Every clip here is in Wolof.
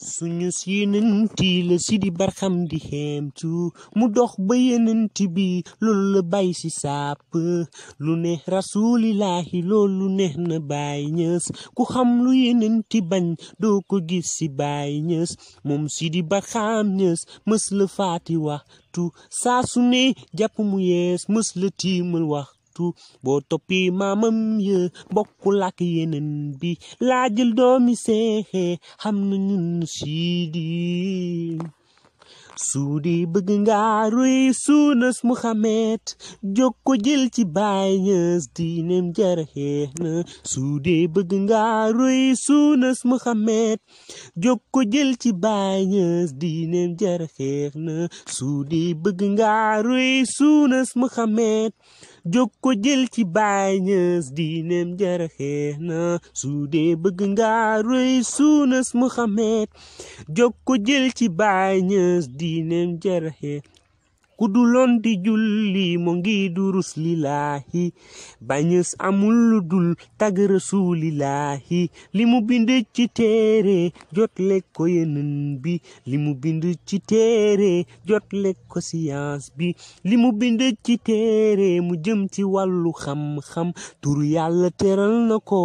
su sinanti la Sidi Barxam di xeemtu mu dox ba yenanti bi loolu la bàyyi si sàpp lu ne rasuulilaahi loolu neex na Baay Ñas ku xam lu yenanti bañ doo ko gis si Baay Ñas moom Sidi Barxam Ñas la faati waxtu saa su ne jàpp mu yees mës la tiimal wax nattu boo toppi maamam ye bokkul ak yeneen bi laajal doomi seexe xam na ñun siidi suudi bëgg nga ruy suunas muhammed jóg ko jël ci baay ñës diinem jaraxeex na suudi bëgg nga ruy ko jël ci baay suudi bëgg nga ruy suunas muhammed jóg ko jël ci Baay Ñas diineem jara xeex na su dee bëgg nga rëy suunas Muhammad jóg ko jël ci Baay Ñas diineem jara xeex ku duloon di julli mu ngi durus lillaahi bañës amul lu dul tag rasuulillaahi li mu bind ci téere jot lekk ko bi li mu bind ci jot lekk ko science bi li mu bind ci téere mu jëm ci wàllu xam-xam turu yàlla teral na ko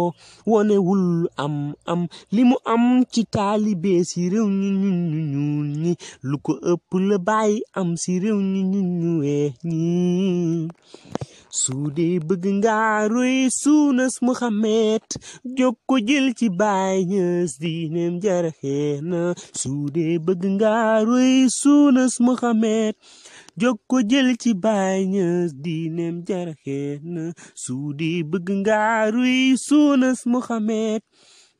wonewul am am li mu am ci taalibe si réew ñi ñun ñu ñuul ñi lu ëpp la bàyyi am si ñi ñu weex ñi su bëgg nga roy suunas Muhammad jóg ko jël ci Baay Ñas diineem jaraxee na su bëgg nga roy suunas Muhammad jóg ko jël ci Baay Ñas diineem jaraxee na su dee bëgg nga roy suunas Muhammad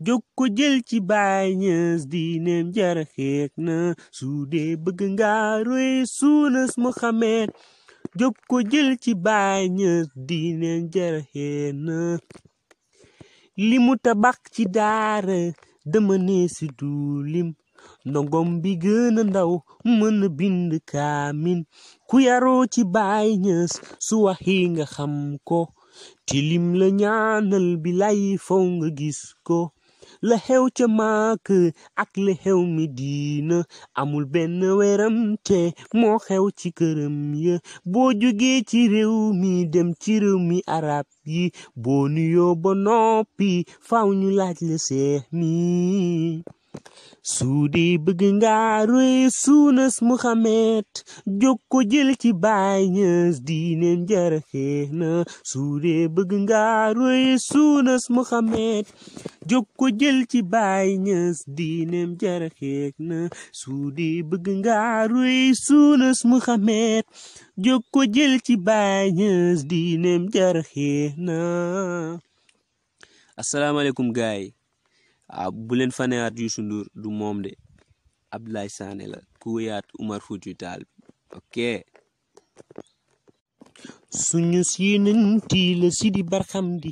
jóg ko jël ci Baay Ñas diineem jara xeex na su dee bëgg nga roy suunas Muhammad jóg ko jël ci Baay Ñas diineem jara xeex na li mu tabax ci daara dama ne si duulim ndongom bi gën ndaw mën a bind kaamin ku yaroo ci Baay Ñas su waxi nga xam ko tilim la ñaanal bi lay faw nga gis ko la xew ca maak ak la xew Medina amul benn werante moo xew ci këram ya boo jógee ci réew mi dem ci réew mi arab yi boo nuyoo ba noppi faw ñu laaj la seex mi su dee bëgg nga roy suunas Muhammad jóg ko jël ci Baay Ñas diineem jaraxeex na su dee suunas Muhammad jóg ko jël ci Baay Ñas diineem jaraxeex na su dee bëgg nga roy suunas Muhammad jóg ko jël ci Baay Ñas diineem jaraxeex na asalaamaaleykum gaay waaw ah, bu leen fanewaat Youssou du moom de Abdoulaye Sané la ku wéyaat Umar Fuuti Taal ok suñu si nanti la si di barxam di